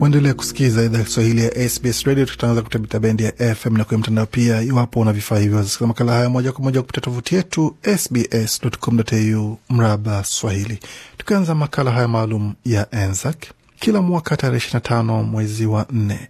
Uendelea kusikiza idhaa Kiswahili ya SBS Radio. Tutaanza kutabita bendi ya FM na kwenye mtandao pia, iwapo una vifaa hivyo. Wazasikiza makala haya moja kwa moja kupitia tovuti yetu sbs.com.au mraba Swahili. Tukianza makala haya maalum ya Anzac, kila mwaka tarehe 25 mwezi wa nne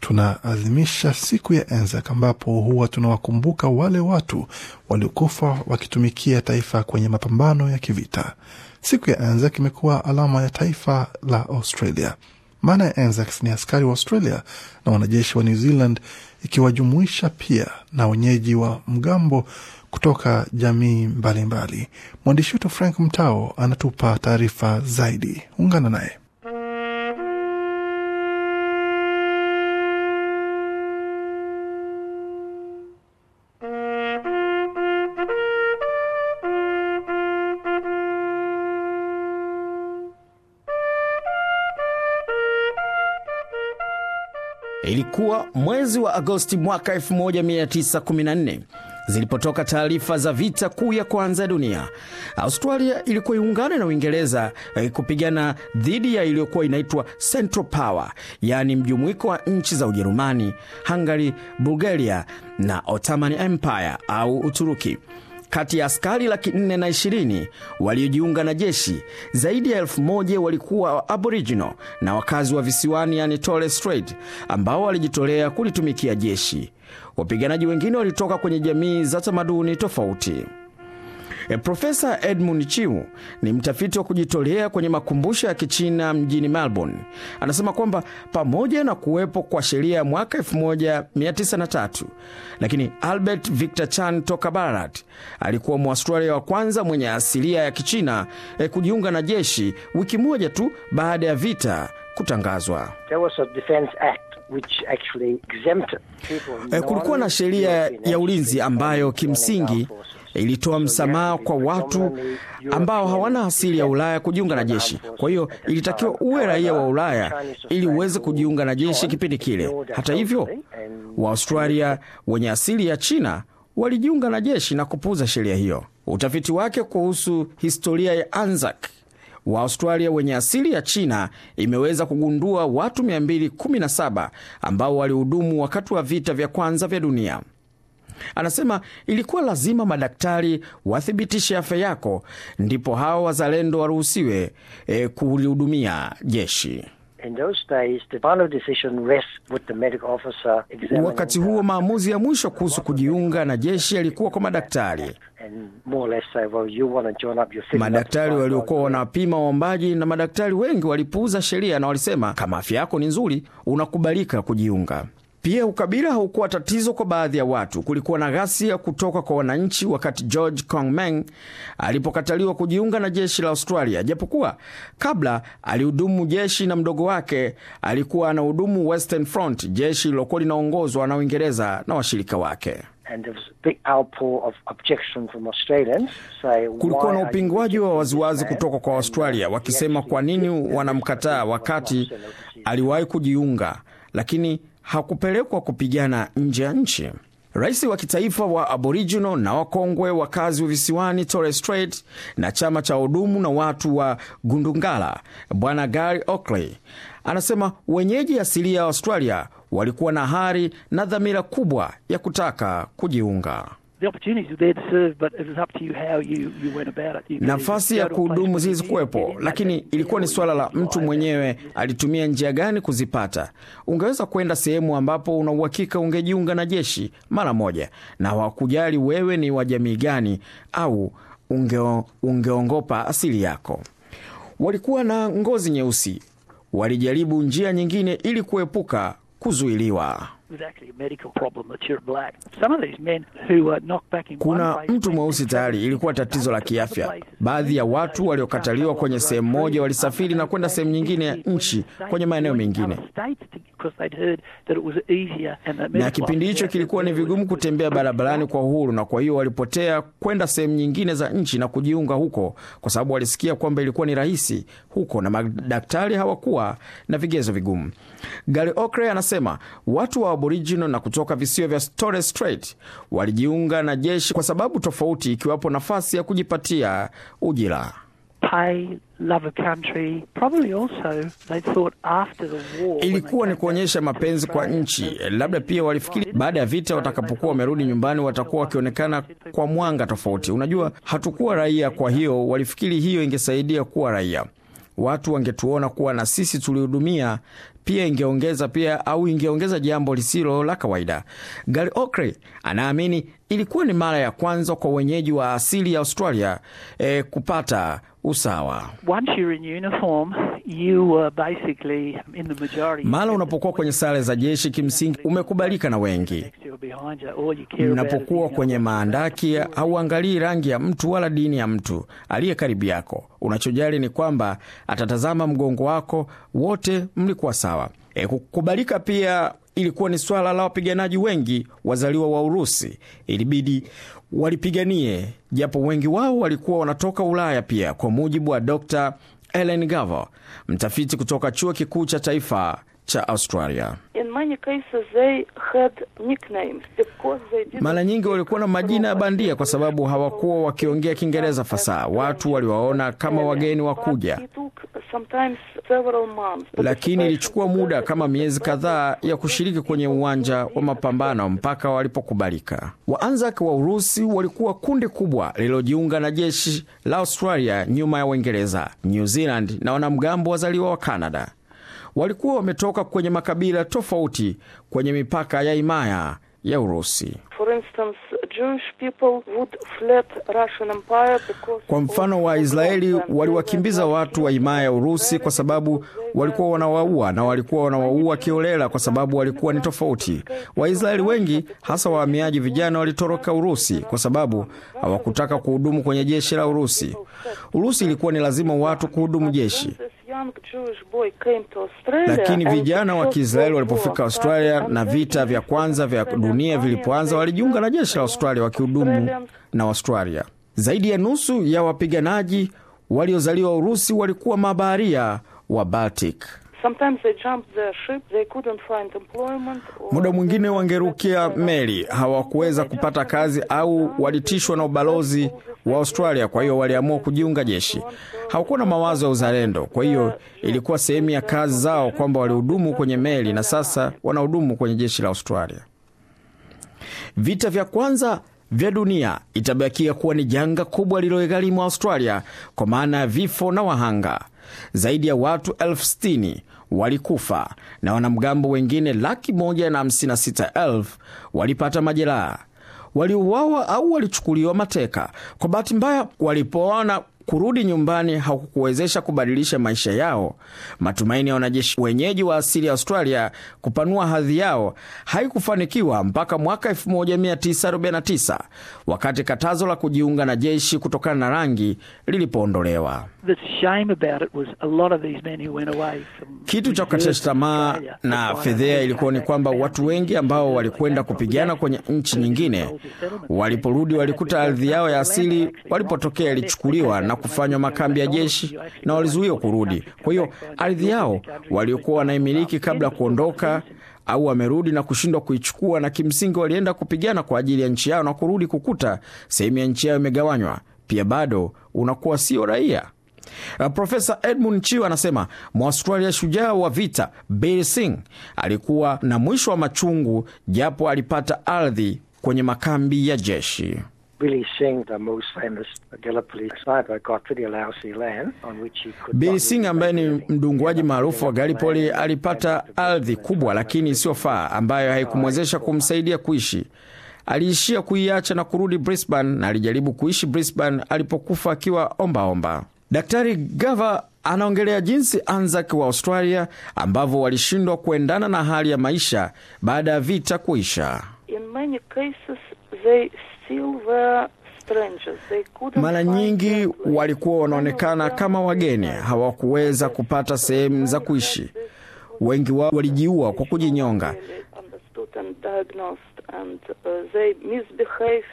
tunaadhimisha siku ya Anzac ambapo huwa tunawakumbuka wale watu waliokufa wakitumikia taifa kwenye mapambano ya kivita. Siku ya Anzac imekuwa alama ya taifa la Australia maana ya Anzacs ni askari wa Australia na wanajeshi wa New Zealand, ikiwajumuisha pia na wenyeji wa mgambo kutoka jamii mbalimbali. Mwandishi wetu Frank Mtao anatupa taarifa zaidi, ungana naye. Ilikuwa mwezi wa Agosti mwaka 1914 zilipotoka taarifa za vita kuu ya kwanza ya dunia. Australia ilikuwa iungane na Uingereza eh, kupigana dhidi ya iliyokuwa inaitwa Central Power, yaani mjumuiko wa nchi za Ujerumani, Hungary, Bulgaria na Ottoman Empire au Uturuki. Kati ya askari laki nne na ishirini waliojiunga na jeshi, zaidi ya elfu moja walikuwa Aboriginal na wakazi wa visiwani, yani tole Strait, ambao walijitolea kulitumikia jeshi. Wapiganaji wengine walitoka kwenye jamii za tamaduni tofauti. E, Profesa Edmund Chiu ni mtafiti wa kujitolea kwenye makumbusho ya Kichina mjini Melbourne. Anasema kwamba pamoja na kuwepo kwa sheria ya mwaka 1903 lakini Albert Victor Chan toka Barat alikuwa Mwaustralia wa kwanza mwenye asilia ya Kichina e, kujiunga na jeshi wiki moja tu baada ya vita kutangazwa. E, kulikuwa na sheria ya ulinzi ambayo kimsingi ilitoa msamaha kwa watu ambao hawana asili ya Ulaya kujiunga na jeshi. Kwa hiyo ilitakiwa uwe raia wa Ulaya ili uweze kujiunga na jeshi kipindi kile. Hata hivyo, Waaustralia wenye asili ya China walijiunga na jeshi na kupuuza sheria hiyo. Utafiti wake kuhusu historia ya Anzac wa Australia wenye asili ya China imeweza kugundua watu 217 ambao walihudumu wakati wa vita vya kwanza vya dunia. Anasema ilikuwa lazima madaktari wathibitishe afya yako, ndipo hao wazalendo waruhusiwe e, kulihudumia jeshi. In those days, the final decision rests with the medical officer examining. Wakati huo maamuzi ya mwisho kuhusu kujiunga na jeshi yalikuwa kwa madaktari. Madaktari waliokuwa wanapima waombaji, na madaktari wengi walipuuza sheria na walisema, kama afya yako ni nzuri, unakubalika kujiunga. Pia ukabila haukuwa tatizo kwa baadhi ya watu. Kulikuwa na ghasia kutoka kwa wananchi wakati George Kong Meng alipokataliwa kujiunga na jeshi la Australia, japokuwa kabla alihudumu jeshi na mdogo wake alikuwa anahudumu Western Front, jeshi lilokuwa linaongozwa na Uingereza na washirika wake. Kulikuwa na upingwaji wa waziwazi kutoka kwa Australia wakisema, kwa nini wanamkataa wakati aliwahi kujiunga, lakini hakupelekwa kupigana nje ya nchi. Rais wa kitaifa wa Aboriginal na wakongwe wakazi wa visiwani Torres Strait na chama cha hudumu na watu wa Gundungala, Bwana Gary Oakley anasema wenyeji asilia ya Australia walikuwa na hari na dhamira kubwa ya kutaka kujiunga nafasi ya kuhudumu zilizokuwepo, lakini ilikuwa ni suala la mtu mwenyewe alitumia njia gani kuzipata. Ungeweza kwenda sehemu ambapo una uhakika ungejiunga na jeshi mara moja, na wakujali wewe ni wa jamii gani au unge, ungeongopa asili yako. Walikuwa na ngozi nyeusi, walijaribu njia nyingine ili kuepuka kuzuiliwa. Kuna mtu mweusi tayari, ilikuwa tatizo la kiafya. Baadhi ya watu waliokataliwa kwenye sehemu moja walisafiri na kwenda sehemu nyingine ya nchi, kwenye maeneo mengine na kipindi hicho kilikuwa ni vigumu kutembea barabarani kwa uhuru, na kwa hiyo walipotea kwenda sehemu nyingine za nchi na kujiunga huko, kwa sababu walisikia kwamba ilikuwa ni rahisi huko na madaktari hawakuwa na vigezo vigumu. Gary Okre anasema watu wa Aboriginal na kutoka visiwa vya Torres Strait walijiunga na jeshi kwa sababu tofauti, ikiwapo nafasi ya kujipatia ujira. Ilikuwa ni kuonyesha mapenzi kwa nchi. Labda pia walifikiri baada ya vita, watakapokuwa wamerudi nyumbani, watakuwa wakionekana kwa mwanga tofauti. Unajua, hatukuwa raia, kwa hiyo walifikiri hiyo ingesaidia kuwa raia, watu wangetuona kuwa na sisi tulihudumia pia ingeongeza pia au ingeongeza jambo lisilo la kawaida. Gary Okre anaamini ilikuwa ni mara ya kwanza kwa wenyeji wa asili ya Australia eh, kupata usawa. Mara unapokuwa kwenye sare za jeshi, kimsingi umekubalika na wengi. Mnapokuwa kwenye maandaki, hauangalii rangi ya mtu wala dini ya mtu aliye karibu yako. Unachojali ni kwamba atatazama mgongo wako. Wote mlikuwa sawa. E, kukubalika pia ilikuwa ni swala la wapiganaji wengi wazaliwa wa Urusi, ilibidi walipiganie, japo wengi wao walikuwa wanatoka Ulaya pia, kwa mujibu wa Dr. Ellen Gavo, mtafiti kutoka chuo kikuu cha taifa cha Australia. Mara nyingi walikuwa na majina ya bandia kwa sababu hawakuwa wakiongea Kiingereza fasaha. Watu waliwaona kama wageni wakuja lakini ilichukua muda kama miezi kadhaa ya kushiriki kwenye uwanja wa mapambano mpaka walipokubalika. waanzak wa Urusi walikuwa kundi kubwa lililojiunga na jeshi la Australia nyuma ya Uingereza, New Zealand na wanamgambo wazaliwa wa Kanada. Walikuwa wametoka kwenye makabila tofauti kwenye mipaka ya Imaya ya Urusi. Kwa mfano, Waisraeli waliwakimbiza watu wa himaya ya Urusi kwa sababu walikuwa wanawaua na walikuwa wanawaua kiolela kwa sababu walikuwa ni tofauti. Waisraeli wengi hasa wahamiaji vijana walitoroka Urusi kwa sababu hawakutaka kuhudumu kwenye jeshi la Urusi. Urusi ilikuwa ni lazima watu kuhudumu jeshi. Lakini vijana wa Kiisraeli walipofika Australia na vita vya kwanza vya dunia vilipoanza, walijiunga na jeshi la Australia wakihudumu na Australia. Zaidi ya nusu ya wapiganaji waliozaliwa Urusi walikuwa mabaharia wa Baltic. Muda mwingine wangerukia meli, hawakuweza kupata kazi au walitishwa na ubalozi wa Australia, kwa hiyo waliamua kujiunga jeshi. Hawakuwa na mawazo ya uzalendo, kwa hiyo ilikuwa sehemu ya kazi zao kwamba walihudumu kwenye meli na sasa wanahudumu kwenye jeshi la Australia. Vita vya kwanza vya dunia itabakia kuwa ni janga kubwa lililoigharimu Australia kwa maana ya vifo na wahanga. Zaidi ya watu elfu sitini walikufa na wanamgambo wengine laki moja na hamsini na sita elfu walipata majeraha, waliuawa au walichukuliwa mateka. Kwa bahati mbaya, walipoona kurudi nyumbani hakukuwezesha kubadilisha maisha yao. Matumaini ya wanajeshi wenyeji wa asili ya Australia kupanua hadhi yao haikufanikiwa mpaka mwaka 1949 wakati katazo la kujiunga na jeshi kutokana na rangi lilipoondolewa. Kitu cha kukatisha tamaa na fedhea ilikuwa ni kwamba watu wengi ambao walikwenda kupigana kwenye nchi nyingine, waliporudi walikuta ardhi yao ya asili walipotokea ilichukuliwa na kufanywa makambi ya jeshi na walizuiwa kurudi. Kwa hiyo ardhi yao waliokuwa wanaimiliki kabla ya kuondoka au wamerudi na kushindwa kuichukua, na kimsingi walienda kupigana kwa ajili ya nchi yao na kurudi kukuta sehemu ya nchi yao imegawanywa, pia bado unakuwa sio raia. Uh, Profesa Edmund chiw anasema Mwaustralia shujaa wa vita Bir sing alikuwa na mwisho wa machungu, japo alipata ardhi kwenye makambi ya jeshi. Billy Singh, the most famous Gallipoli sniper, got pretty lousy land on which he could Billy Singh ambaye ni mdunguaji maarufu wa Gallipoli alipata ardhi kubwa lakini isiyofaa ambayo haikumwezesha kumsaidia kuishi. Aliishia kuiacha na kurudi Brisbane na alijaribu kuishi Brisbane alipokufa akiwa ombaomba. Daktari Gava anaongelea jinsi Anzac wa Australia ambavyo walishindwa kuendana na hali ya maisha baada ya vita kuisha. In many cases they mara nyingi walikuwa wanaonekana kama wageni, hawakuweza kupata sehemu za kuishi. Wengi wao walijiua kwa kujinyonga. Uh,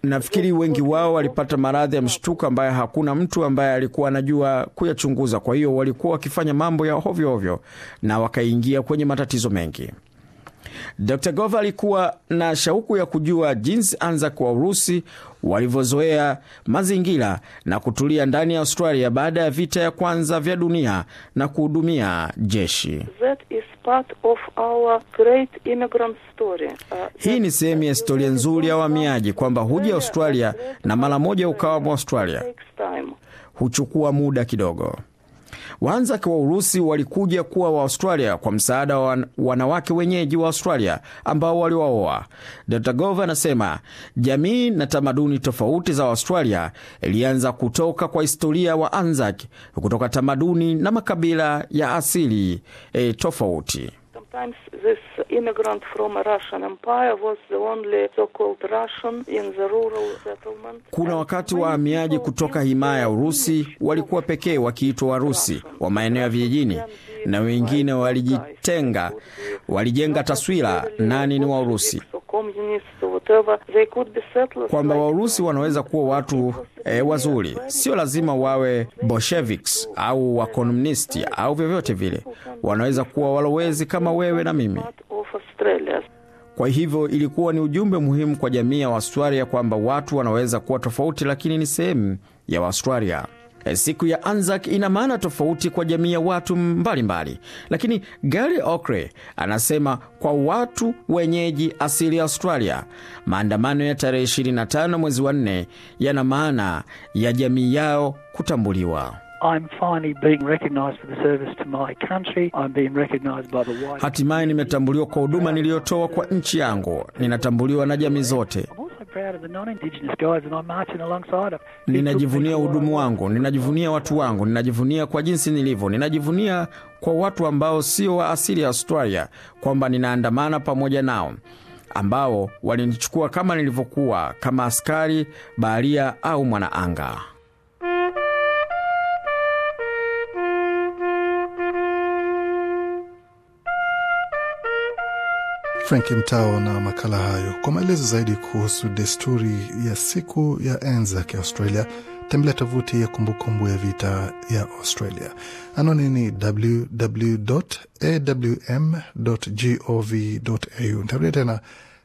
Nafikiri wengi wao walipata maradhi ya mshtuko ambaye hakuna mtu ambaye alikuwa anajua kuyachunguza. Kwa hiyo walikuwa wakifanya mambo ya hovyohovyo na wakaingia kwenye matatizo mengi. Dr Gova alikuwa na shauku ya kujua jinsi anza wa Urusi walivyozoea mazingira na kutulia ndani ya Australia baada ya vita ya kwanza vya dunia na kuhudumia jeshi. Uh, hii ni sehemu ya historia nzuri ya wahamiaji kwamba huja Australia na mara moja ukawa Mwaustralia, huchukua muda kidogo. Waanzaki wa Urusi walikuja kuwa wa Australia kwa msaada wa wanawake wenyeji wa Australia ambao waliwaoa. gova anasema jamii na tamaduni tofauti za Australia ilianza kutoka kwa historia wa Anzac kutoka tamaduni na makabila ya asili e, tofauti. Sometimes this immigrant from a Russian empire was the only so-called Russian in the rural settlement. Kuna wakati wahamiaji kutoka himaya ya Urusi walikuwa pekee wakiitwa Warusi wa maeneo ya vijijini, na wengine walijitenga, walijenga taswira nani ni Waurusi, kwamba Waurusi wanaweza kuwa watu e, wazuri, sio lazima wawe Bolsheviks au wakomunisti au vyovyote vile, wanaweza kuwa walowezi kama wewe na mimi. Kwa hivyo ilikuwa ni ujumbe muhimu kwa jamii ya Waustralia kwamba watu wanaweza kuwa tofauti, lakini ni sehemu ya Waustralia. Eh, siku ya Anzac ina maana tofauti kwa jamii ya watu mbalimbali mbali. Lakini Gary Okre anasema kwa watu wenyeji asili ya Australia, maandamano ya tarehe 25 mwezi wa 4 yana maana ya jamii yao kutambuliwa. Hatimaye nimetambuliwa kwa huduma niliyotoa kwa nchi yangu, ninatambuliwa na jamii zote. Ninajivunia uhudumu wangu, ninajivunia watu wangu, ninajivunia kwa jinsi nilivyo, ninajivunia kwa watu ambao sio wa asili ya Australia, kwamba ninaandamana pamoja nao ambao walinichukua kama nilivyokuwa, kama askari baharia au mwanaanga. Frank Mtao na makala hayo. Kwa maelezo zaidi kuhusu desturi ya siku ya Anzac ya Australia, tembelea tovuti ya kumbukumbu ya vita ya Australia. Anwani ni www.awm.gov.au. Nitarudia tena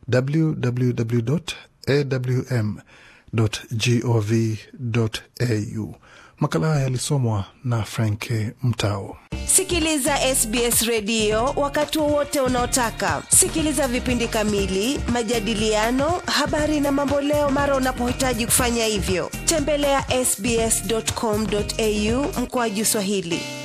www.awm.gov.au. Makala haya yalisomwa na Frank Mtao. Sikiliza SBS redio wakati wowote unaotaka. Sikiliza vipindi kamili, majadiliano, habari na mamboleo mara unapohitaji kufanya hivyo. Tembelea ya sbs.com.au mkoaju Swahili.